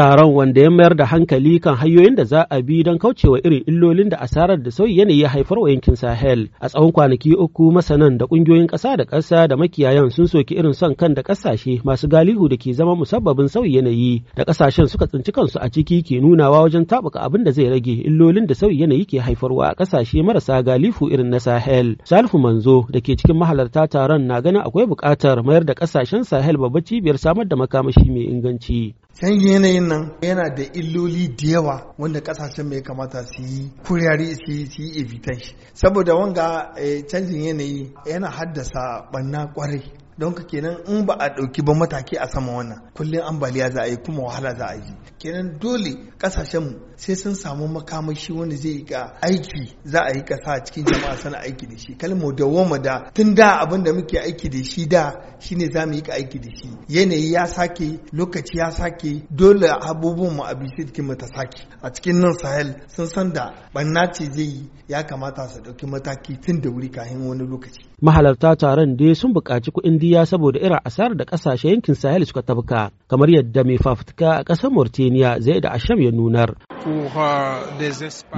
taron wanda ya mayar da hankali kan hanyoyin da za a bi don kaucewa irin illolin da asarar da sauyi yanayi ya haifar wa yankin sahel a tsawon kwanaki uku masanan da kungiyoyin ƙasa da ƙasa da makiyayan sun soki irin son kan da ƙasashe masu galihu da ke zama musabbabin sauyi yanayi da ƙasashen suka tsinci kansu a ciki ke nunawa wajen tabuka abin da zai rage illolin da sauyi yanayi ke haifarwa a ƙasashe marasa galihu irin na sahel salifu manzo da ke cikin mahalarta taron na ganin akwai buƙatar mayar da ƙasashen sahel babba cibiyar samar da makamashi mai inganci canjin yanayin nan yana da illoli da yawa wanda kasashen mai kamata su yi kuriyari su yi su saboda wanga eh, canjin yanayi yana haddasa barna kwarai don ka kenan in ba a ɗauki ba mataki a sama wannan kullum ambaliya za a yi kuma wahala za a yi kenan dole ƙasashen mu sai sun samu makamashi wanda zai yi aiki za a yi ƙasa cikin jama'a sana aiki da shi kalmo da woma da tun da abin da muke aiki da shi da shine za mu yi aiki da shi yanayi ya sake lokaci ya sake dole abubuwan mu a jikin mu ta sake a cikin nan sahel sun san da banna ce zai yi ya kamata su ɗauki mataki tun da wuri kafin wani lokaci mahalarta taron dai sun buƙaci kuɗin turkiya saboda irin asarar da kasashe yankin sahel suka tabka kamar yadda mai fafutuka a ƙasar mauritania zai da asham ya nunar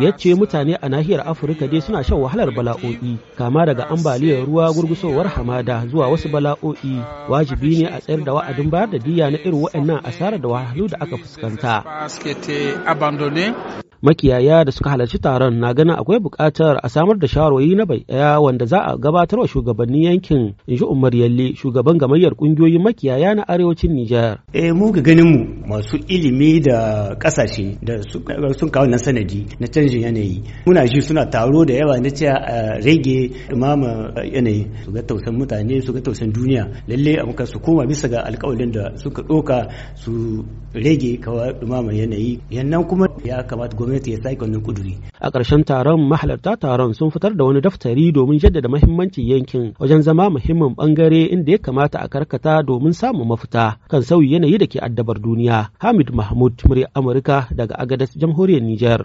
ya ce mutane a nahiyar afirka dai suna shan wahalar bala'o'i kama daga ambaliyar ruwa gurgusowar hamada zuwa wasu bala'o'i wajibi ne a tsayar da wa'adin bayar da diya na irin wa'annan asarar da wahalu da aka fuskanta makiyaya da suka halarci taron na ganin akwai buƙatar a samar da shawarwari na bai ɗaya wanda za a gabatar wa shugabannin yankin in ji umar yalle shugaban gamayyar ƙungiyoyin makiyaya na arewacin nijar. eh mu ga ganin mu masu ilimi da ƙasashe da sun kawo na sanadi na canjin yanayi muna shi suna taro da yawa na cewa a rage imama yanayi su ga tausan mutane su ga tausan duniya lalle a muka su koma bisa ga alƙawalin da suka ɗoka su rage kawai imama yanayi yannan kuma ya kamata gwamnati gwamnati ya sake wannan kuduri a ƙarshen taron mahalarta taron sun fitar da wani daftari domin jaddada mahimmancin yankin wajen zama muhimmin bangare inda ya kamata a karkata domin samun mafita kan sauyi yanayi da ke addabar duniya hamid mahmud murya amurka daga agadas jamhuriyar niger